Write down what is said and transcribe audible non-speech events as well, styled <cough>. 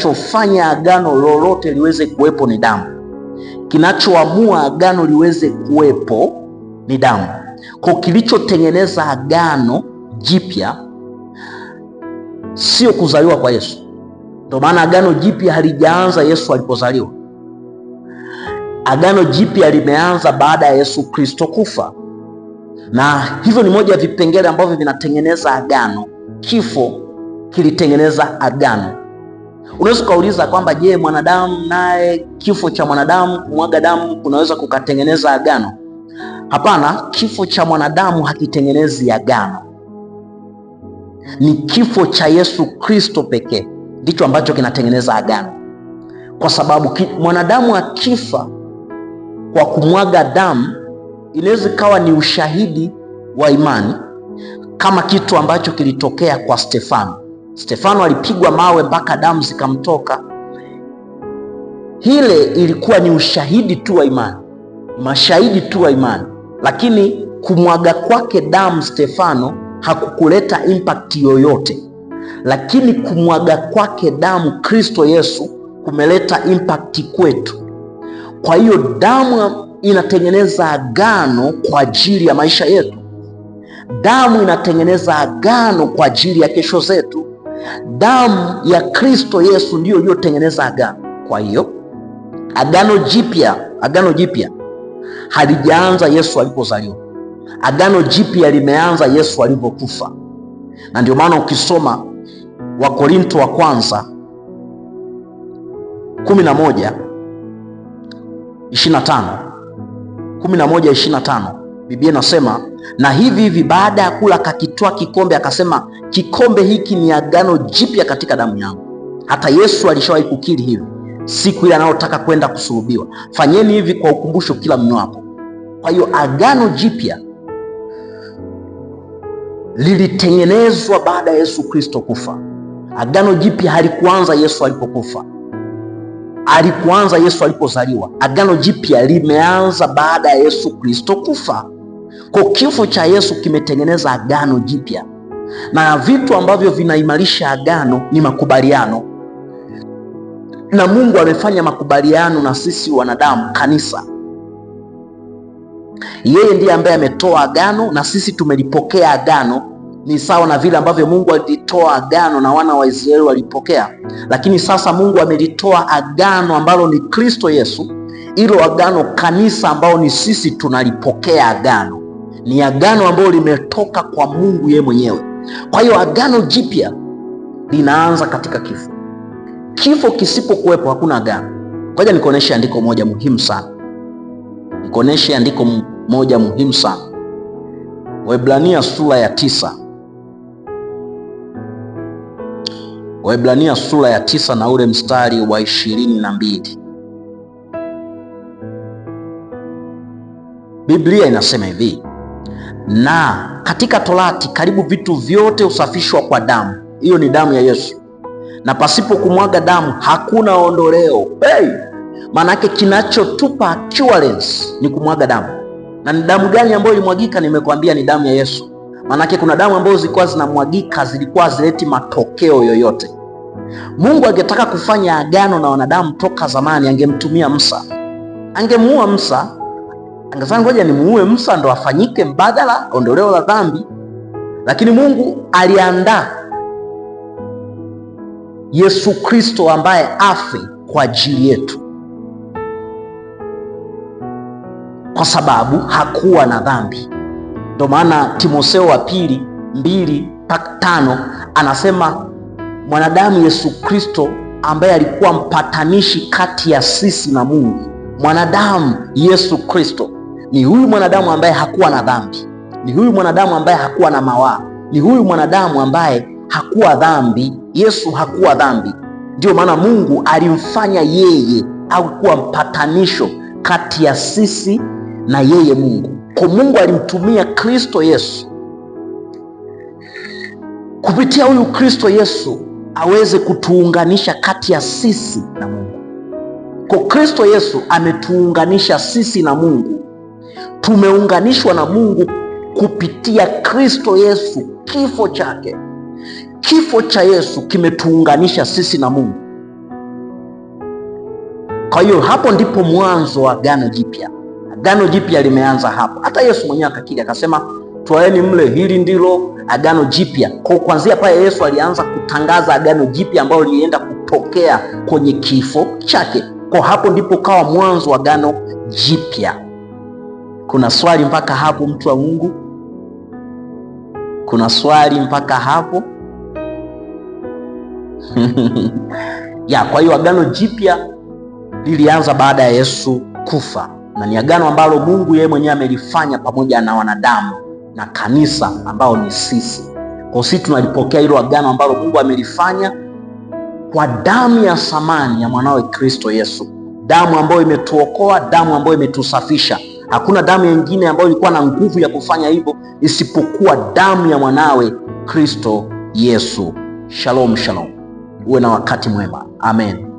kinachofanya agano lolote liweze kuwepo ni damu. Kinachoamua agano liweze kuwepo ni damu. Kwa kilichotengeneza agano jipya sio kuzaliwa kwa Yesu. Ndio maana agano jipya halijaanza Yesu alipozaliwa. Agano jipya limeanza baada ya Yesu Kristo kufa, na hivyo ni moja ya vipengele ambavyo vinatengeneza agano. Kifo kilitengeneza agano. Unaweza ukauliza kwamba je, mwanadamu naye kifo cha mwanadamu kumwaga damu kunaweza kukatengeneza agano? Hapana, kifo cha mwanadamu hakitengenezi agano. Ni kifo cha Yesu Kristo pekee ndicho ambacho kinatengeneza agano, kwa sababu ki, mwanadamu akifa kwa kumwaga damu inaweza ikawa ni ushahidi wa imani kama kitu ambacho kilitokea kwa Stefano. Stefano alipigwa mawe mpaka damu zikamtoka. Ile ilikuwa ni ushahidi tu wa imani, mashahidi tu wa imani, lakini kumwaga kwake damu Stefano hakukuleta impact yoyote, lakini kumwaga kwake damu Kristo Yesu kumeleta impact kwetu. Kwa hiyo damu inatengeneza agano kwa ajili ya maisha yetu. Damu inatengeneza agano kwa ajili ya kesho zetu. Damu ya Kristo Yesu ndiyo iliyotengeneza agano. Kwa hiyo agano jipya, agano jipya halijaanza Yesu alipozaliwa. Agano jipya limeanza Yesu alipokufa, na ndio maana ukisoma Wakorinto wa kwanza 11 25 11 25 Biblia inasema na hivi hivi, baada ya kula kakitoa kikombe akasema, kikombe hiki ni agano jipya katika damu yangu. Hata Yesu alishawahi kukiri hivi siku ile anayotaka kwenda kusulubiwa, fanyeni hivi kwa ukumbusho kila mnywapo. Kwa hiyo agano jipya lilitengenezwa baada ya Yesu Kristo kufa. Agano jipya halikuanza Yesu alipokufa, alikuanza Yesu alipozaliwa. Agano jipya limeanza baada ya Yesu Kristo kufa. Kwa kifo cha Yesu kimetengeneza agano jipya, na vitu ambavyo vinaimarisha agano ni makubaliano, na Mungu amefanya makubaliano na sisi wanadamu, kanisa. Yeye ndiye ambaye ametoa agano na sisi tumelipokea agano. Ni sawa na vile ambavyo Mungu alitoa agano na wana wa Israeli walipokea, lakini sasa Mungu amelitoa agano ambalo ni Kristo Yesu, ilo agano kanisa, ambao ni sisi tunalipokea agano ni agano ambalo limetoka kwa Mungu yeye mwenyewe. Kwa hiyo agano jipya linaanza katika kifo. Kifo kisipokuwepo hakuna agano. Ngoja nikuoneshe andiko moja muhimu sana, nikuoneshe andiko moja muhimu sana. Waebrania sura ya tisa, Waebrania sura ya tisa na ule mstari wa ishirini na mbili Biblia inasema hivi na katika Torati karibu vitu vyote husafishwa kwa damu. Hiyo ni damu ya Yesu, na pasipo kumwaga damu hakuna ondoleo. Hey! Maanake kinachotupa assurance ni kumwaga damu. Na ni damu gani ambayo ilimwagika? Nimekwambia ni damu ya Yesu. Maanake kuna damu ambazo zilikuwa zinamwagika zilikuwa hazileti matokeo yoyote. Mungu angetaka kufanya agano na wanadamu toka zamani, angemtumia Musa, angemuua Musa angesema ngoja nimuue Musa ndo afanyike mbadala, ondoleo la dhambi. Lakini Mungu aliandaa Yesu Kristo ambaye afe kwa ajili yetu, kwa sababu hakuwa na dhambi. Ndio maana Timotheo wa pili mbili mpaka tano anasema mwanadamu Yesu Kristo ambaye alikuwa mpatanishi kati ya sisi na Mungu, mwanadamu Yesu Kristo ni huyu mwanadamu ambaye hakuwa na dhambi, ni huyu mwanadamu ambaye hakuwa na mawaa, ni huyu mwanadamu ambaye hakuwa dhambi. Yesu hakuwa dhambi, ndiyo maana Mungu alimfanya yeye au kuwa mpatanisho kati ya sisi na yeye Mungu. Kwa Mungu alimtumia Kristo Yesu, kupitia huyu Kristo Yesu aweze kutuunganisha kati ya sisi na Mungu. Kwa Kristo Yesu ametuunganisha sisi na Mungu Tumeunganishwa na Mungu kupitia Kristo Yesu, kifo chake. Kifo cha Yesu kimetuunganisha sisi na Mungu. Kwa hiyo hapo ndipo mwanzo wa agano jipya. Agano jipya limeanza hapo. Hata Yesu mwenyewe akakiri akasema, twaeni mle, hili ndilo agano jipya. Kwa kuanzia pale Yesu alianza kutangaza agano jipya ambalo lilienda kutokea kwenye kifo chake. Kwa hapo ndipo kawa mwanzo wa agano jipya kuna swali mpaka hapo, mtu wa Mungu? Kuna swali mpaka hapo? <laughs> ya kwa hiyo agano jipya lilianza baada ya Yesu kufa na ni agano ambalo Mungu yeye mwenyewe amelifanya pamoja na wanadamu na kanisa ambao ni sisi. Kwa sisi tunalipokea hilo agano ambalo Mungu amelifanya kwa damu ya samani ya mwanawe Kristo Yesu, damu ambayo imetuokoa, damu ambayo imetusafisha Hakuna damu nyingine ambayo ilikuwa na nguvu ya kufanya hivyo isipokuwa damu ya mwanawe Kristo Yesu. Shalom, shalom. Uwe na wakati mwema. Amen.